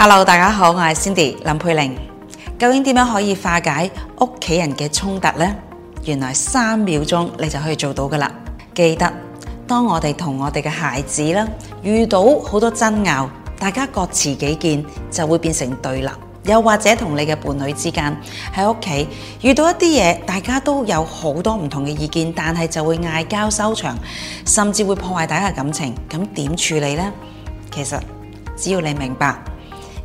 Hello，大家好，我係 Cindy 林佩玲。究竟點樣可以化解屋企人嘅衝突呢？原來三秒鐘你就可以做到㗎喇。記得，當我哋同我哋嘅孩子啦遇到好多爭拗，大家各持己見，就會變成對立；又或者同你嘅伴侶之間喺屋企遇到一啲嘢，大家都有好多唔同嘅意見，但係就會嗌交收場，甚至會破壞大家嘅感情。咁點處理呢？其實只要你明白。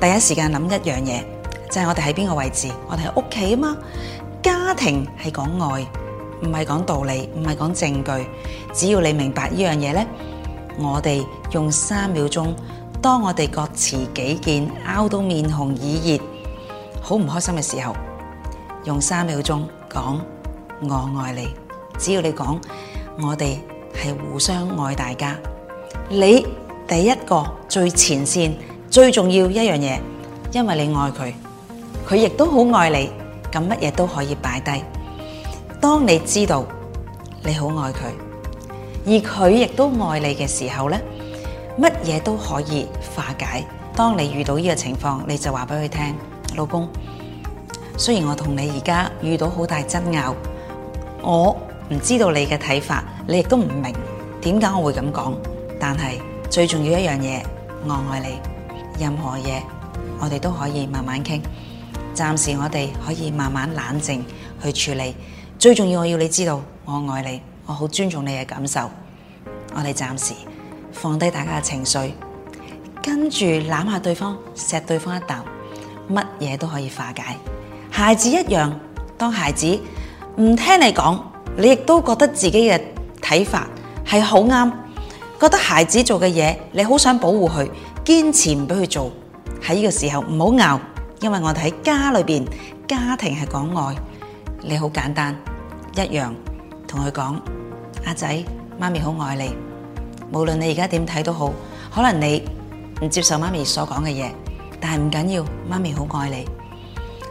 第一時間諗一樣嘢，就係我哋喺邊個位置，我哋喺屋企啊嘛。家庭係講愛，唔係講道理，唔係講證據。只要你明白一樣嘢呢，我哋用三秒鐘，當我哋各持己見，拗到面紅耳熱，好唔開心嘅時候，用三秒鐘講我愛你。只要你講，我哋係互相愛大家。你第一個最前線。最重要一樣嘢，因為你愛佢，佢亦都好愛你，咁乜嘢都可以擺低。當你知道你好愛佢，而佢亦都愛你嘅時候咧，乜嘢都可以化解。當你遇到呢個情況，你就話俾佢聽，老公，雖然我同你而家遇到好大爭拗，我唔知道你嘅睇法，你亦都唔明點解我會咁講，但係最重要一樣嘢，我愛你。任何嘢，我哋都可以慢慢傾。暫時我哋可以慢慢冷靜去處理。最重要，我要你知道，我愛你，我好尊重你嘅感受。我哋暫時放低大家嘅情緒，跟住攬下對方，錫對方一啖，乜嘢都可以化解。孩子一樣，當孩子唔聽你講，你亦都覺得自己嘅睇法係好啱，覺得孩子做嘅嘢，你好想保護佢。堅持唔俾佢做，喺呢個時候唔好拗，因為我哋喺家裏邊，家庭係講愛，你好簡單，一樣同佢講，阿仔，媽咪好愛你，無論你而家點睇都好，可能你唔接受媽咪所講嘅嘢，但係唔緊要，媽咪好愛你，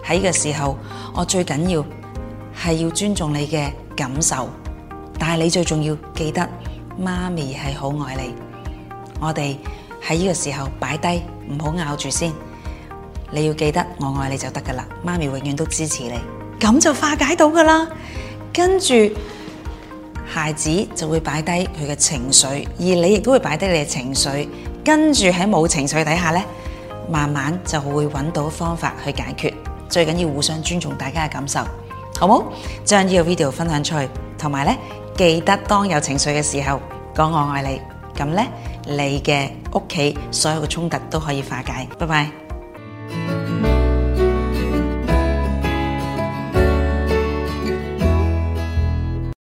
喺呢個時候，我最緊要係要尊重你嘅感受，但係你最重要記得，媽咪係好愛你，我哋。喺呢個時候擺低，唔好咬住先。你要記得我愛你就得㗎喇，媽咪永遠都支持你。咁就化解到㗎喇。跟住，孩子就會擺低佢嘅情緒，而你亦都會擺低你嘅情緒。跟住喺冇情緒底下呢，慢慢就會搵到方法去解決。最緊要互相尊重大家嘅感受，好唔好？將呢個 video 分享出去，同埋呢，記得當有情緒嘅時候講我愛你。咁咧，你嘅屋企所有嘅衝突都可以化解。拜拜。